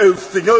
el señor